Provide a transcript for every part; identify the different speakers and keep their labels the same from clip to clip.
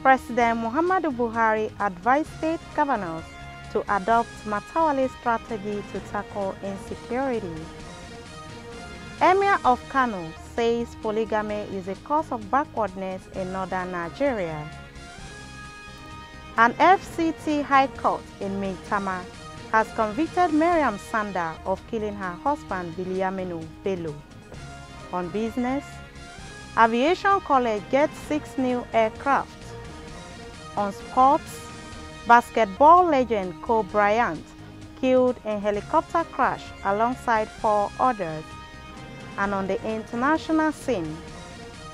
Speaker 1: President Muhammadu Buhari advised state governors to adopt Matawale's strategy to tackle insecurity. Emir of Kano says polygamy is a cause of backwardness in northern Nigeria. An FCT High Court in Maitama has convicted Miriam Sander of killing her husband Biliamenu Bello. On business, Aviation College gets six new aircraft. On sports, basketball legend Kobe Bryant killed in helicopter crash alongside four others and on the international scene.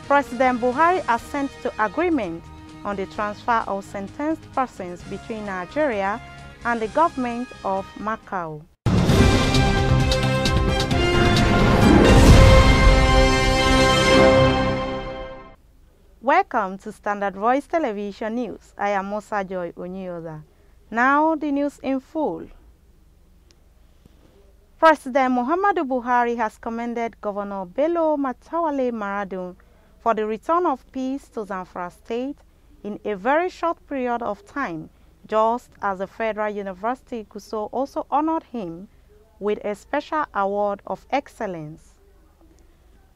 Speaker 1: President Buhari assents to agreement on the transfer of sentenced persons between Nigeria and the government of Macau. Welcome to Standard Voice Television News. I am Mosa Joy Onyoza. Now the news in full. President Muhammadu Buhari has commended Governor Bello Matawale Maradun for the return of peace to Zamfara State in a very short period of time, just as the Federal University Kuso also honored him with a special award of excellence.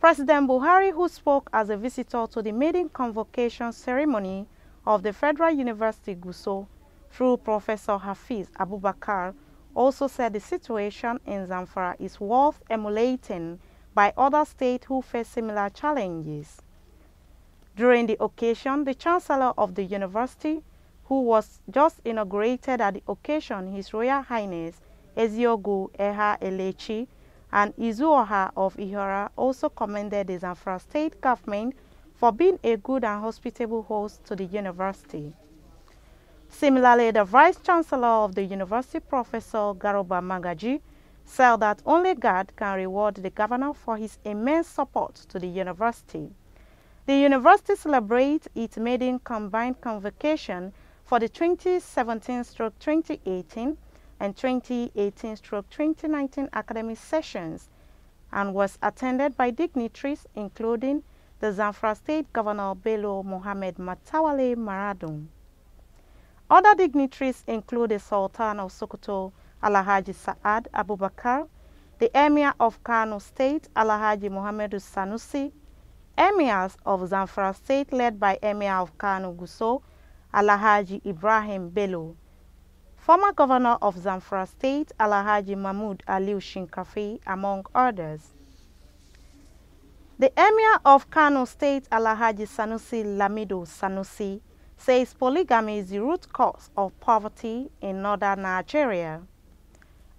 Speaker 1: President Buhari, who spoke as a visitor to the maiden convocation ceremony of the Federal University Guso through Professor Hafiz Abubakar, also said the situation in Zamfara is worth emulating by other states who face similar challenges. During the occasion, the Chancellor of the University, who was just inaugurated at the occasion, His Royal Highness Eziogu Eha Elechi and Izuoha of Ihora also commended the Zamfara State Government for being a good and hospitable host to the university. Similarly, the Vice Chancellor of the University, Professor Garoba Mangaji, said that only God can reward the governor for his immense support to the university. The university celebrates its maiden combined convocation for the 2017-2018 and 2018-2019 academic sessions and was attended by dignitaries including the Zamfara State Governor Bello Mohamed Matawale Maradon. Other dignitaries include the Sultan of Sokoto, Alahaji Saad Abubakar, the Emir of Kano State, Alahaji Muhammad Sanusi, Emirs of Zamfara State led by Emir of Kano Guso, Alahaji Ibrahim Bello, former governor of Zamfara State, Alahaji Mahmoud Aliu Shinkafi, among others. The Emir of Kano State, Alahaji Sanusi Lamido Sanusi, says polygamy is the root cause of poverty in northern Nigeria.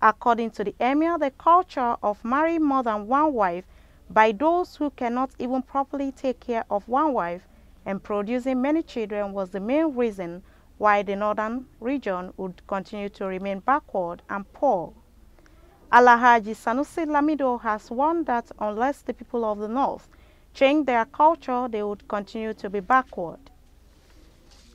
Speaker 1: According to the emir, the culture of marrying more than one wife by those who cannot even properly take care of one wife and producing many children was the main reason why the northern region would continue to remain backward and poor. Alahaji Sanusi Lamido has warned that unless the people of the north change their culture, they would continue to be backward.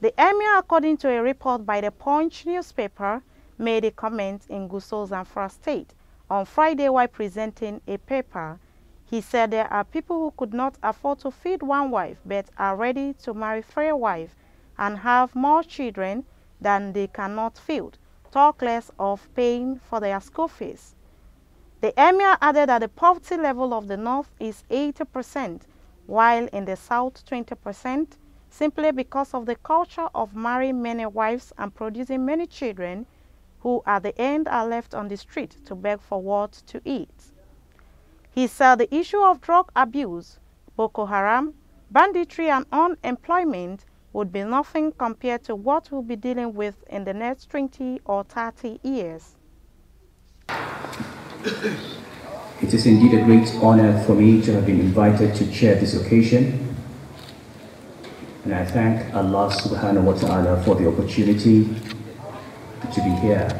Speaker 1: The emir, according to a report by the Punch newspaper, made a comment in Gusau's Zamfara state on Friday while presenting a paper. He said there are people who could not afford to feed one wife but are ready to marry three wives and have more children than they cannot feed, talk less of paying for their school fees. The emir added that the poverty level of the north is 80%, while in the south 20%, simply because of the culture of marrying many wives and producing many children who at the end are left on the street to beg for what to eat. He said the issue of drug abuse, Boko Haram, banditry and unemployment would be nothing compared to what we'll be dealing with in the next 20 or 30 years.
Speaker 2: It is indeed a great honor for me to have been invited to chair this occasion and I thank Allah subhanahu wa ta'ala for the opportunity to be here.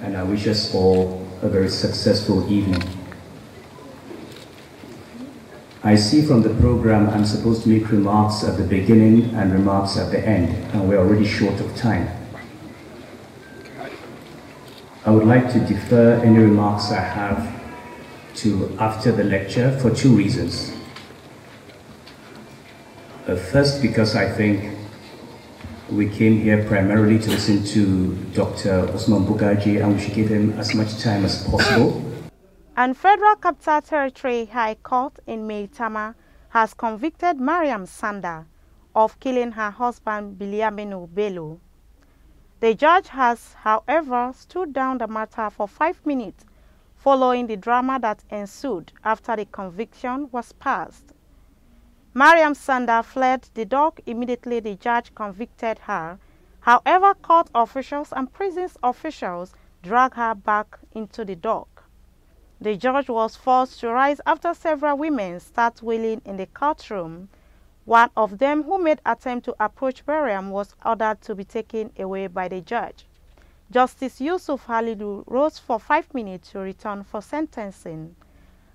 Speaker 2: And I wish us all a very successful evening. I see from the program I'm supposed to make remarks at the beginning and remarks at the end, and we're already short of time. I would like to defer any remarks I have to after the lecture for two reasons. Uh, first, because I think we came here primarily to listen to Dr. Osman Bugaji and we should give him as much time
Speaker 1: as possible. And Federal Capital Territory High Court in Meitama has convicted Mariam Sanda of killing her husband Biliamino Bello. The judge has, however, stood down the matter for five minutes following the drama that ensued after the conviction was passed. Mariam Sander fled the dock immediately the judge convicted her. However, court officials and prison officials dragged her back into the dock. The judge was forced to rise after several women start wailing in the courtroom. One of them who made attempt to approach Mariam was ordered to be taken away by the judge. Justice Yusuf Halidu rose for five minutes to return for sentencing.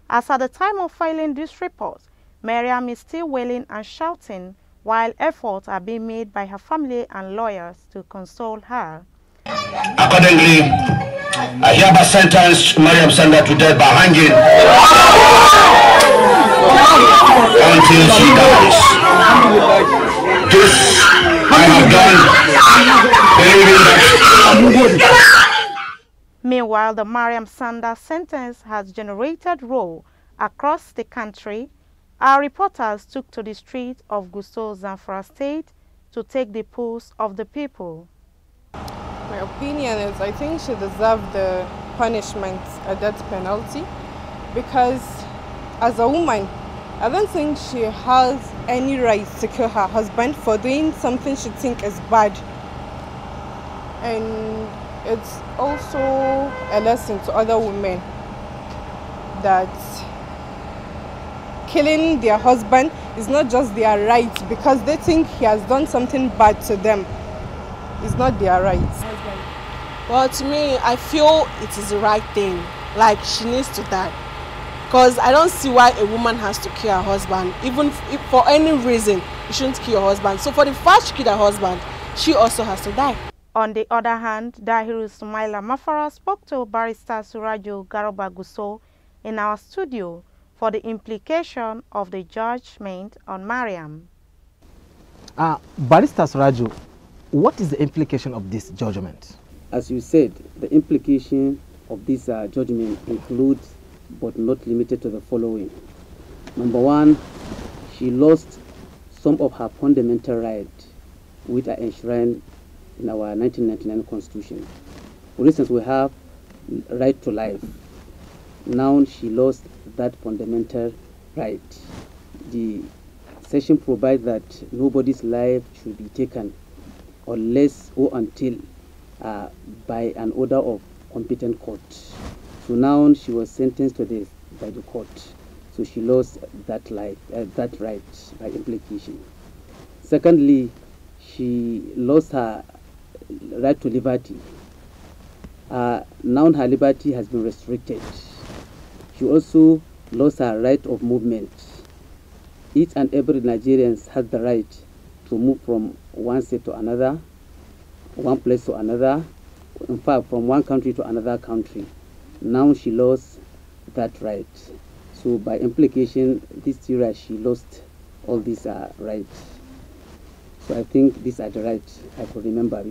Speaker 1: As at the time of filing this report, Maryam is still wailing and shouting while efforts are being made by her family and lawyers to console her.
Speaker 2: Accordingly, I hereby sentenced.
Speaker 3: Maryam Sander to death by hanging until she dies.
Speaker 1: This I have done, believing that. Meanwhile, the Mariam Sander sentence has generated row across the country our reporters took to the streets of Gusto Zamfara State to take the pulse of the people. My opinion is I think she deserved the punishment, a uh, death penalty, because as a woman, I don't think she has any right to kill her husband for doing something she thinks is bad. And it's also a lesson to other women that killing their husband is not just their right because they think he has done something bad to them. It's not their right.
Speaker 4: Well, to me, I feel it is the right
Speaker 2: thing. Like, she needs to die. Because I don't see why a woman has to kill her husband.
Speaker 1: Even if for any reason, you shouldn't kill your husband. So, for the fact she killed her husband, she also has to die. On the other hand, Dahiru Sumaila Mafara spoke to barrister Surajo Garoba Guso in our studio for the implication of the judgment on Mariam.
Speaker 2: Uh, Barrister Suraju, what is the implication of this judgment? As you said, the implication of this uh, judgment includes but not limited to the following. Number one, she lost some of her fundamental rights which are enshrined in our 1999 constitution. For instance, we have right to life, now she lost that fundamental right. The session provides that nobody's life should be taken unless or until uh, by an order of competent court. So now she was sentenced to death by the court. So she lost that, life, uh, that right by implication. Secondly, she lost her right to liberty. Uh, now her liberty has been restricted. She also lost her right of movement. Each and every Nigerian has the right to move from one state to another, one place to another, in fact, from one country to another country. Now she lost that right. So by implication, this year she lost all these uh, rights. So I think these are the rights I could remember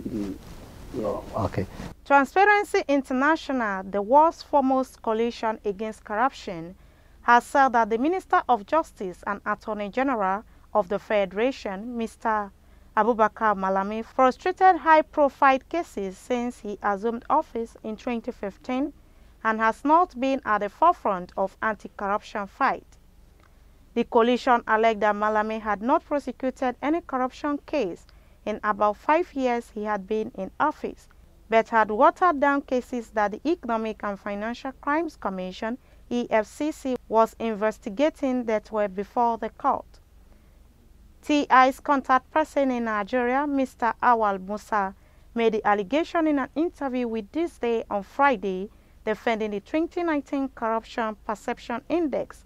Speaker 2: Okay.
Speaker 1: Transparency International, the world's foremost coalition against corruption, has said that the Minister of Justice and Attorney General of the Federation, Mr. Abubakar Malami, frustrated high-profile cases since he assumed office in 2015 and has not been at the forefront of anti-corruption fight. The coalition alleged that Malami had not prosecuted any corruption case in about five years he had been in office, but had watered down cases that the Economic and Financial Crimes Commission EFCC was investigating that were before the court. TI's contact person in Nigeria, Mr. Awal Musa, made the allegation in an interview with This Day on Friday, defending the 2019 Corruption Perception Index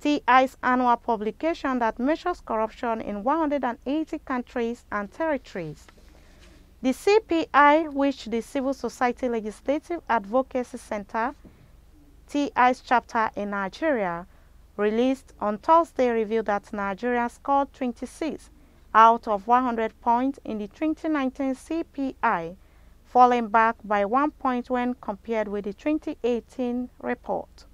Speaker 1: TI's annual publication that measures corruption in 180 countries and territories. The CPI, which the Civil Society Legislative Advocacy Center, TI's chapter in Nigeria, released on Thursday revealed that Nigeria scored 26 out of 100 points in the 2019 CPI, falling back by one point when compared with the 2018 report.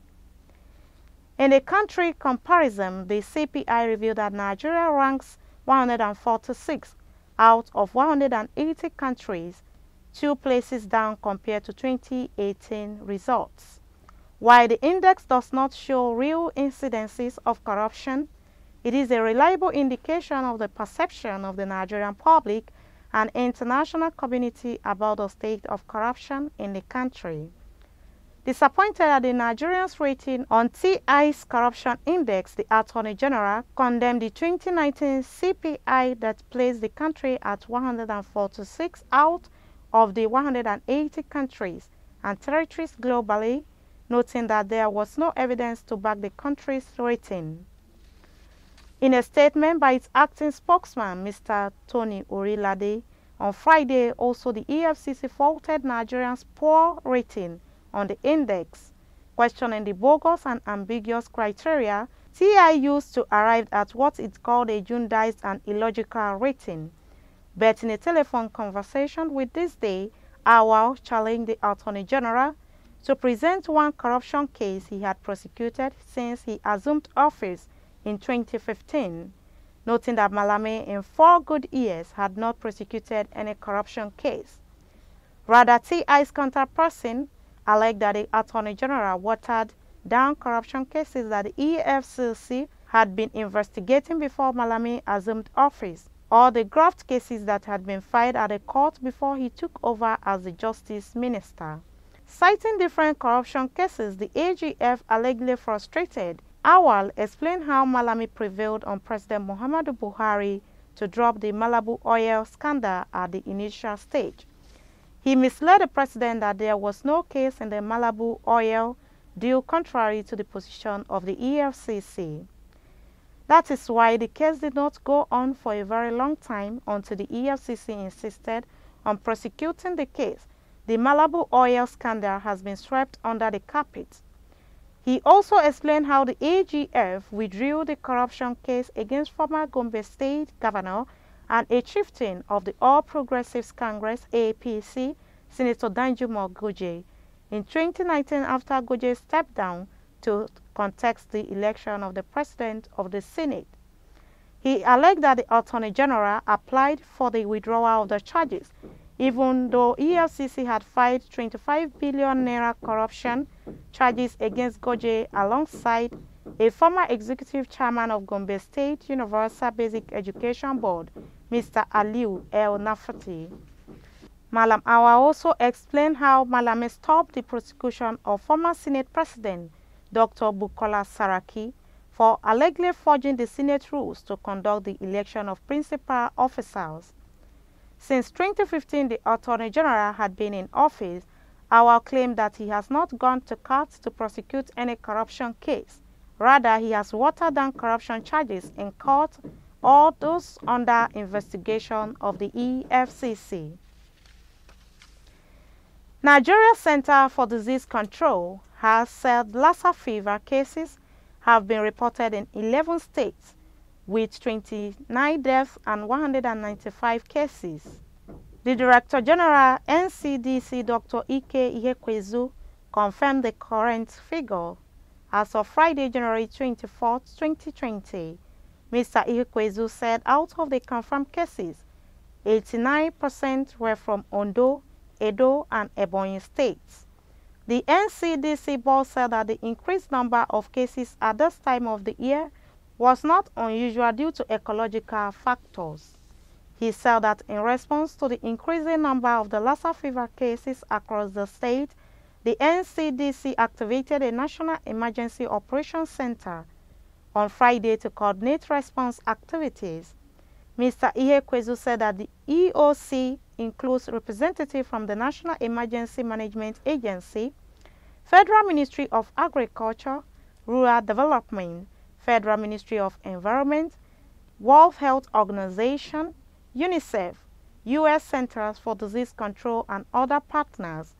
Speaker 1: In a country comparison, the CPI revealed that Nigeria ranks 146 out of 180 countries, two places down compared to 2018 results. While the index does not show real incidences of corruption, it is a reliable indication of the perception of the Nigerian public and international community about the state of corruption in the country. Disappointed at the Nigerians' rating on TI's corruption index, the Attorney General condemned the 2019 CPI that placed the country at 146 out of the 180 countries and territories globally, noting that there was no evidence to back the country's rating. In a statement by its acting spokesman, Mr. Tony Urilade, on Friday, also the EFCC faulted Nigerians' poor rating on the index. Questioning the bogus and ambiguous criteria TI used to arrive at what it called a Jundized and illogical rating. But in a telephone conversation with this day, Awal challenged the Attorney General to present one corruption case he had prosecuted since he assumed office in 2015, noting that Malame in four good years had not prosecuted any corruption case. Rather, T.I.'s counterperson I like that the Attorney General watered down corruption cases that the EFCC had been investigating before Malami assumed office, or the graft cases that had been filed at the court before he took over as the Justice Minister. Citing different corruption cases, the AGF allegedly frustrated, Awal explained how Malami prevailed on President Muhammadu Buhari to drop the Malabu oil scandal at the initial stage. He misled the president that there was no case in the Malibu oil deal contrary to the position of the EFCC. That is why the case did not go on for a very long time until the EFCC insisted on prosecuting the case. The Malibu oil scandal has been swept under the carpet. He also explained how the AGF withdrew the corruption case against former Gombe State Governor and a chieftain of the All Progressives Congress, APC, Senator Danjuma Goje. In 2019, after Goje stepped down to contest the election of the President of the Senate, he alleged that the Attorney General applied for the withdrawal of the charges, even though EFCC had filed 25 billion naira corruption charges against Goje alongside a former executive chairman of Gombe State Universal Basic Education Board, Mr. Aliu El Nafati. Malam Awa also explained how Malam stopped the prosecution of former Senate President Dr. Bukola Saraki for allegedly forging the Senate rules to conduct the election of principal officers. Since 2015, the Attorney General had been in office. Awa claimed that he has not gone to court to prosecute any corruption case. Rather, he has watered down corruption charges in court all those under investigation of the EFCC. Nigeria Center for Disease Control has said Lassa fever cases have been reported in 11 states with 29 deaths and 195 cases. The Director General NCDC Dr. Ike Ihekwezu confirmed the current figure as of Friday, January 24, 2020. Mr. Irikwezu said out of the confirmed cases, 89% were from Ondo, Edo, and Ebonyi states. The NCDC boss said that the increased number of cases at this time of the year was not unusual due to ecological factors. He said that in response to the increasing number of the Lassa fever cases across the state, the NCDC activated a National Emergency Operations Center on Friday to coordinate response activities. Mr. Ihekwezu said that the EOC includes representatives from the National Emergency Management Agency, Federal Ministry of Agriculture, Rural Development, Federal Ministry of Environment, World Health Organization, UNICEF, U.S. Centers for Disease Control and other partners.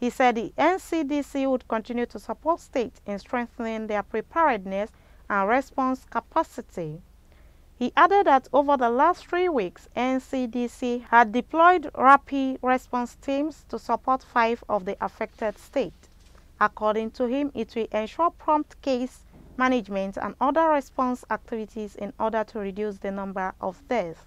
Speaker 1: He said the NCDC would continue to support states in strengthening their preparedness and response capacity. He added that over the last three weeks, NCDC had deployed rapid response teams to support five of the affected states. According to him, it will ensure prompt case management and other response activities in order to reduce the number of deaths.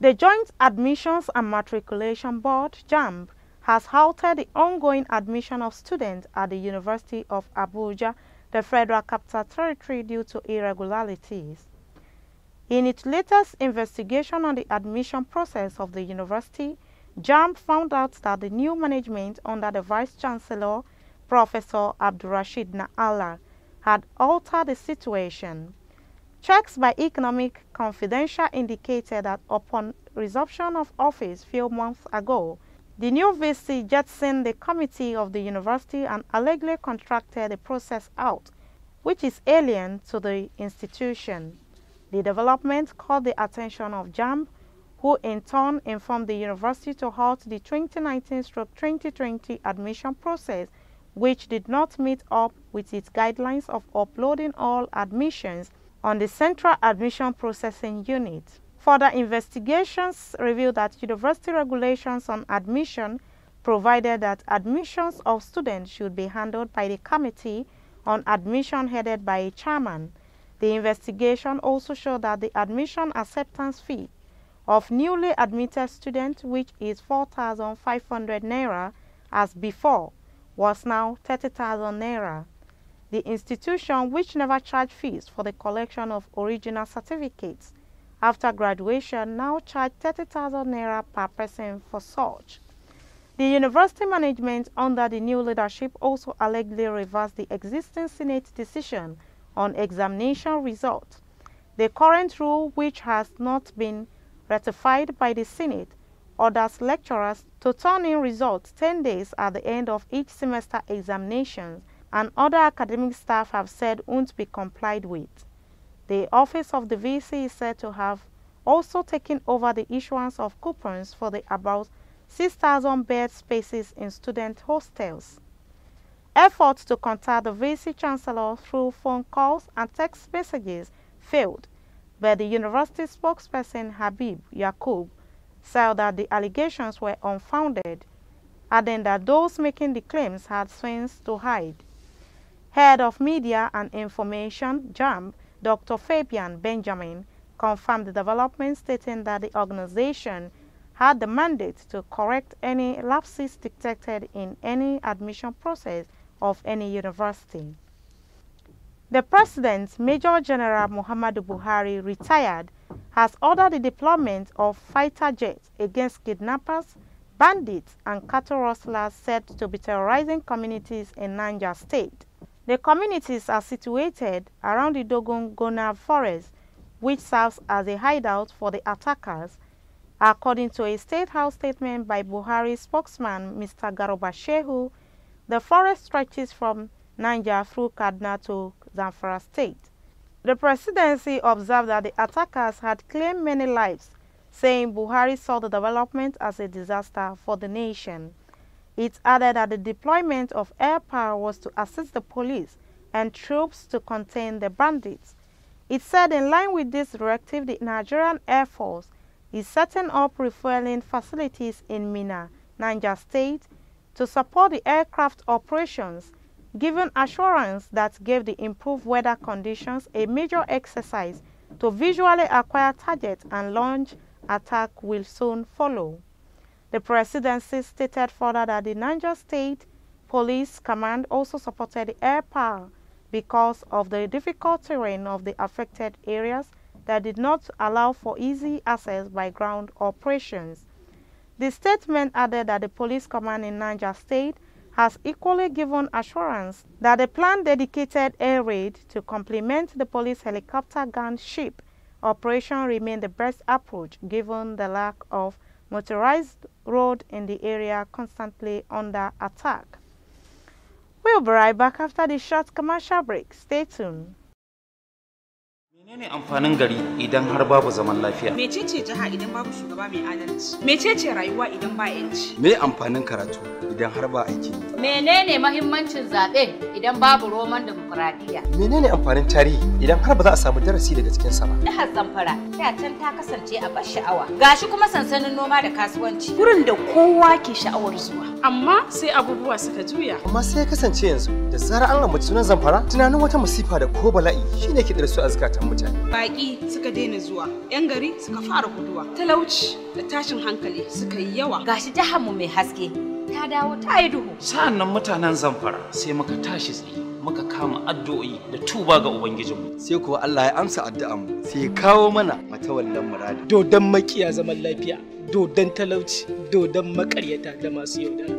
Speaker 1: The Joint Admissions and Matriculation Board, JAMB, has halted the ongoing admission of students at the University of Abuja the Federal Capital Territory due to irregularities. In its latest investigation on the admission process of the university, Jam found out that the new management under the Vice Chancellor, Professor Abdurrashid Na'ala, had altered the situation. Checks by Economic Confidential indicated that upon resumption of office few months ago, the new VC jettisoned the committee of the university and allegedly contracted the process out, which is alien to the institution. The development caught the attention of JAMB, who in turn informed the university to halt the 2019-2020 admission process, which did not meet up with its guidelines of uploading all admissions on the Central Admission Processing Unit. Further investigations revealed that university regulations on admission provided that admissions of students should be handled by the Committee on Admission headed by a chairman. The investigation also showed that the admission acceptance fee of newly admitted students, which is 4,500 naira as before, was now 30,000 naira. The institution, which never charged fees for the collection of original certificates, after graduation now charge 30,000 naira per person for such. The university management under the new leadership also allegedly reversed the existing Senate decision on examination result. The current rule, which has not been ratified by the Senate, orders lecturers to turn in results 10 days at the end of each semester examination and other academic staff have said won't be complied with. The office of the VC is said to have also taken over the issuance of coupons for the about 6,000 bed spaces in student hostels. Efforts to contact the VC Chancellor through phone calls and text messages failed, but the university spokesperson Habib Yakub said that the allegations were unfounded, adding that those making the claims had things to hide. Head of Media and Information, JAMB, Dr. Fabian Benjamin confirmed the development, stating that the organization had the mandate to correct any lapses detected in any admission process of any university. The President, Major General Muhammadu Buhari, retired, has ordered the deployment of fighter jets against kidnappers, bandits, and cattle rustlers said to be terrorizing communities in Niger State. The communities are situated around the Dogongona forest, which serves as a hideout for the attackers, according to a State House statement by Buhari spokesman Mr. Garoba Shehu. The forest stretches from Niger through Kaduna to Zamfara state. The presidency observed that the attackers had claimed many lives, saying Buhari saw the development as a disaster for the nation. It added that the deployment of air power was to assist the police and troops to contain the bandits. It said in line with this directive, the Nigerian Air Force is setting up refueling facilities in Mina, Niger State, to support the aircraft operations, giving assurance that gave the improved weather conditions a major exercise to visually acquire targets and launch attack will soon follow. The presidency stated further that the Niger State Police Command also supported the air power because of the difficult terrain of the affected areas that did not allow for easy access by ground operations. The statement added that the police command in Niger State has equally given assurance that the planned dedicated air raid to complement the police helicopter gunship operation remained the best approach given the lack of motorized road in the area constantly under attack. We'll be right back after the short commercial break. Stay tuned. Menene
Speaker 2: amfanin gari idan har babu zaman lafiya?
Speaker 1: Mecece jiha idan babu shugaba mai adalci? Mecece rayuwa idan ba yanci?
Speaker 2: Me amfanin karatu idan har ba aiki?
Speaker 1: Menene mahimmancin zaɓe idan babu roman demokuraɗiyya?
Speaker 2: Menene amfanin tarihi idan har ba za a samu darasi daga cikin sa ba?
Speaker 1: har Zamfara ta can ta kasance a bar sha'awa. Gashi kuma sansanin noma da kasuwanci. Gurin da kowa ke sha'awar zuwa. amma sai abubuwa suka juya.
Speaker 2: Amma sai ya kasance yanzu da zarar an ambaci sunan zamfara tunanin wata masifa da ko bala'i shine ke su a zukatan mu. mutane
Speaker 1: baƙi suka daina zuwa yan gari suka fara guduwa talauci da tashin hankali suka yi yawa gashi jihar mu mai haske ta dawo ta yi duhu
Speaker 2: nan mutanen zamfara sai muka tashi tsaye muka kama addu'o'i da tuba ga ubangijinmu sai kuwa Allah ya amsa addu'an mu sai ya kawo mana matawallan muradi dodon makiya zaman lafiya dodon talauci dodon makaryata da masu yaudara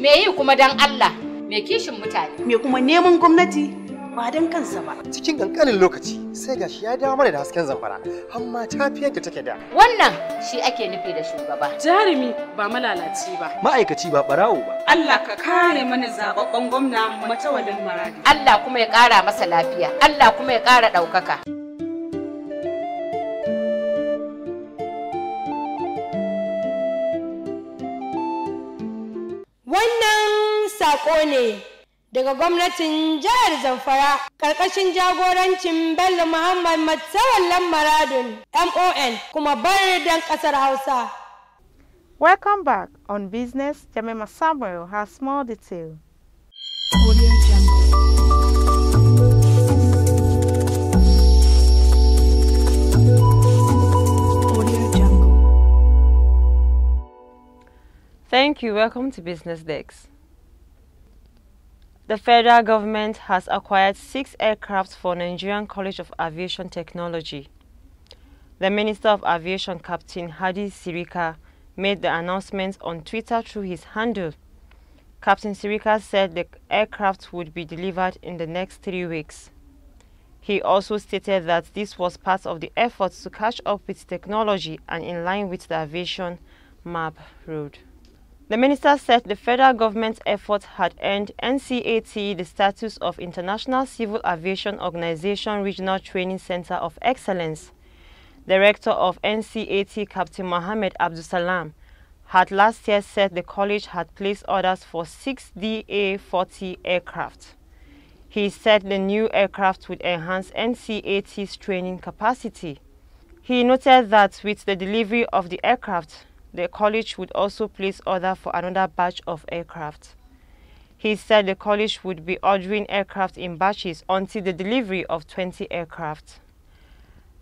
Speaker 1: me yi kuma dan Allah me kishin mutane
Speaker 2: me kuma neman gwamnati
Speaker 1: ba don kansa ba. Cikin kankanin
Speaker 2: lokaci sai gashi ya dawo mana da hasken zamfara amma ta fi yadda take da. Wannan shi ake nufi da shugaba. Jarumi ba malalaci ba. Ma'aikaci ba barawo ba. Allah ka kare mana zababben gwamna matawalin maradi. Allah kuma ya ƙara masa lafiya. Allah kuma ya ƙara
Speaker 1: ɗaukaka. Wannan saƙo ne daga gwamnatin jihar Zamfara karkashin jagorancin Bello Muhammad Matsawallan Maradun MON kuma dan kasar Hausa. Welcome back on business. Jamima Samuel has more detail.
Speaker 4: Thank you. Welcome to Business Dex. The federal government has acquired six aircraft for Nigerian College of Aviation Technology. The Minister of Aviation, Captain Hadi Sirika, made the announcement on Twitter through his handle. Captain Sirika said the aircraft would be delivered in the next three weeks. He also stated that this was part of the efforts to catch up with technology and in line with the aviation map road. The minister said the federal government's efforts had earned NCAT the status of International Civil Aviation Organization Regional Training Center of Excellence. Director of NCAT, Captain Mohammed Salam, had last year said the college had placed orders for six DA-40 aircraft. He said the new aircraft would enhance NCAT's training capacity. He noted that with the delivery of the aircraft, the college would also place order for another batch of aircraft. He said the college would be ordering aircraft in batches until the delivery of 20 aircraft.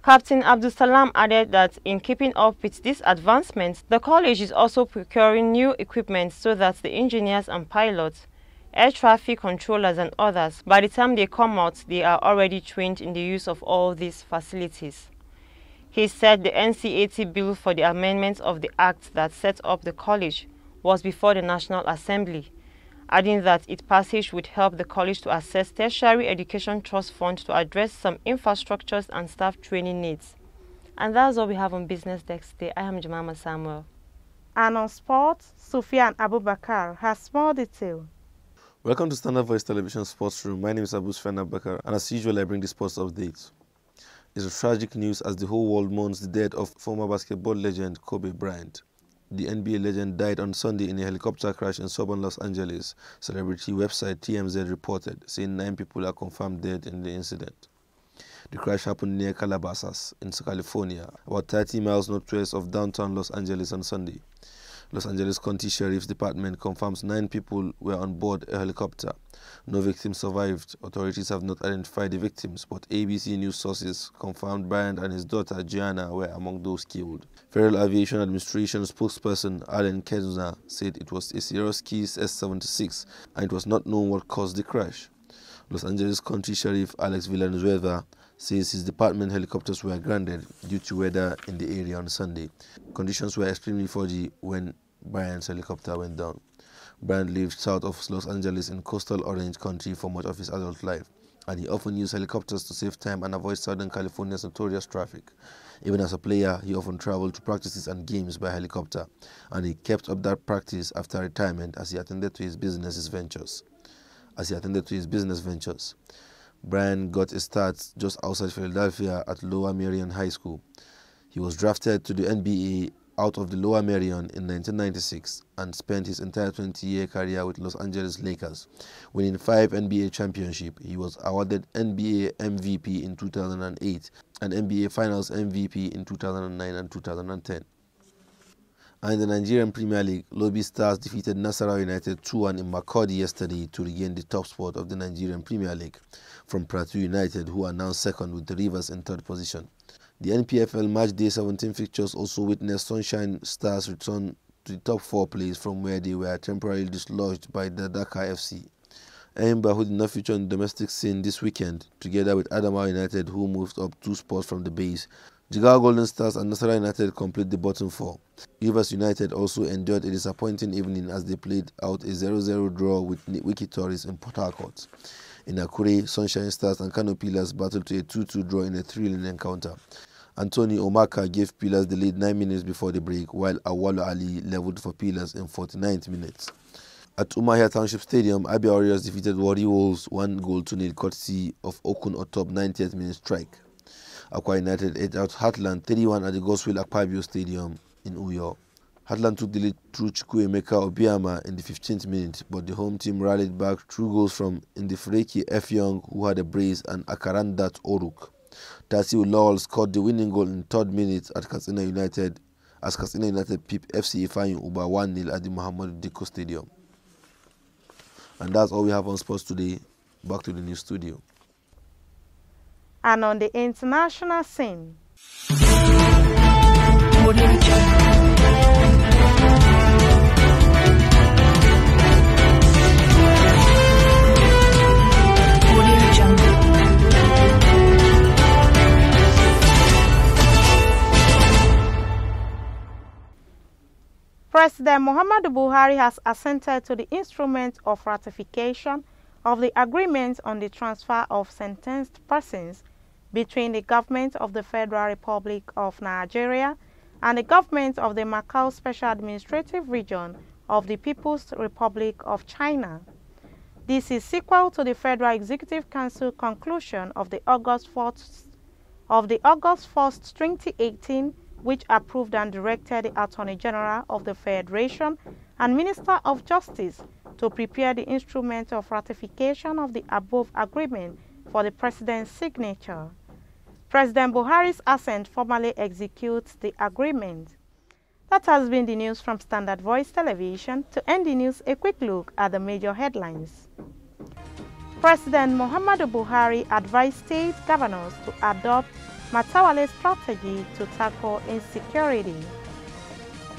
Speaker 4: Captain Abdul Salam added that in keeping up with these advancements, the college is also procuring new equipment so that the engineers and pilots, air traffic controllers and others, by the time they come out, they are already trained in the use of all these facilities. He said the NCAT bill for the amendments of the act that set up the college was before the National Assembly, adding that its passage would help the college to access tertiary education trust fund to address some infrastructures and staff training needs. And that's all we have on Business Desk today. I am Jemima
Speaker 1: Samuel. And on sports, Sufian Abubakar has more detail.
Speaker 3: Welcome to Standard Voice Television Sports Room. My name is Sufian Abubakar, and as usual, I bring the sports updates is tragic news as the whole world mourns the death of former basketball legend Kobe Bryant. The NBA legend died on Sunday in a helicopter crash in southern Los Angeles, celebrity website TMZ reported, saying nine people are confirmed dead in the incident. The crash happened near Calabasas in California, about 30 miles northwest of downtown Los Angeles on Sunday. Los Angeles County Sheriff's Department confirms nine people were on board a helicopter. No victims survived. Authorities have not identified the victims, but ABC News sources confirmed Brand and his daughter Gianna were among those killed. Federal Aviation Administration spokesperson Alan Kenzner said it was a Sikorsky's S-76 and it was not known what caused the crash. Los Angeles County Sheriff Alex Villanueva since his department helicopters were grounded due to weather in the area on Sunday. Conditions were extremely foggy when Bryant's helicopter went down. Bryant lived south of Los Angeles in coastal Orange County for much of his adult life, and he often used helicopters to save time and avoid Southern California's notorious traffic. Even as a player, he often traveled to practices and games by helicopter, and he kept up that practice after retirement as he attended to his business ventures. As he attended to his business ventures. Brian got a start just outside Philadelphia at Lower Merion High School. He was drafted to the NBA out of the Lower Merion in 1996 and spent his entire 20-year career with Los Angeles Lakers, winning five NBA championships. He was awarded NBA MVP in 2008 and NBA Finals MVP in 2009 and 2010. And in the Nigerian Premier League, Lobby Stars defeated Nasarawa United 2-1 in Makurdi yesterday to regain the top spot of the Nigerian Premier League from Plateau United, who are now second with the Rivers in third position. The NPFL match day 17 fixtures also witnessed Sunshine Stars return to the top four place from where they were temporarily dislodged by the Dakar FC. Aimba, who did not feature in the domestic scene this weekend, together with Adama United, who moved up two spots from the base, Jigawa Golden Stars and Nasara United complete the bottom four. Rivers United also endured a disappointing evening as they played out a 0-0 draw with Wiki Torres in Port Harcourt. In Akure, Sunshine Stars and Kano Pillars battled to a 2-2 draw in a thrilling encounter. Anthony Omaka gave Pillars the lead 9 minutes before the break, while Awalo Ali leveled for Pillars in 49th minutes. At Umahia Township Stadium, Abia Warriors defeated Wari Wolves 1 goal to nil courtesy of Okun Otop 90th minute strike. Aqua United edged out Heartland 3-1 at the Gospel Akpabio Stadium in Uyo. Heartland took the lead through Chukwuemeka Obiama in the 15th minute, but the home team rallied back through goals from Indifreki F. Young, who had a brace, and Akarandat Oruk. Tasiu Lowell scored the winning goal in third minute at Katsina United as Katsina United peep FC Ifeanyi Uba 1-0 at the Muhammad Diko Stadium. And that's all we have on sports today. Back to the new studio
Speaker 1: and on the international scene. President Muhammadu Buhari has assented to the instrument of ratification of the agreement on the transfer of sentenced persons between the government of the Federal Republic of Nigeria and the government of the Macau Special Administrative Region of the People's Republic of China. This is sequel to the Federal Executive Council conclusion of the August 4th, of the August 1st, 2018, which approved and directed the Attorney General of the Federation and Minister of Justice to prepare the instrument of ratification of the above agreement for the President's signature. President Buhari's assent formally executes the agreement. That has been the news from Standard Voice Television. To end the news, a quick look at the major headlines. President Muhammadu Buhari advised state governors to adopt Matawale's strategy to tackle insecurity.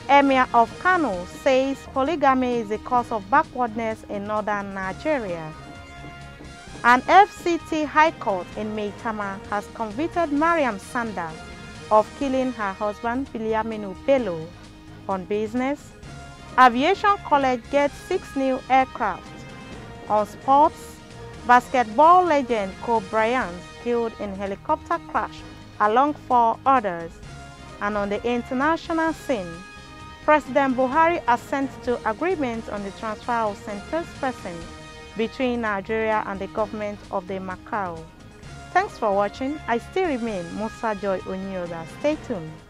Speaker 1: Emir of Kano says polygamy is a cause of backwardness in northern Nigeria. An FCT High Court in Meitama has convicted Mariam Sanda of killing her husband Biliaminu Bello on business. Aviation College gets six new aircraft. On sports, basketball legend Kobe Bryant killed in helicopter crash along four others. And on the international scene, President Buhari assents to agreement on the transfer of sentenced persons between Nigeria and the government of the Macau. Thanks for watching. I still remain Musa Joy Onyoda. Stay tuned.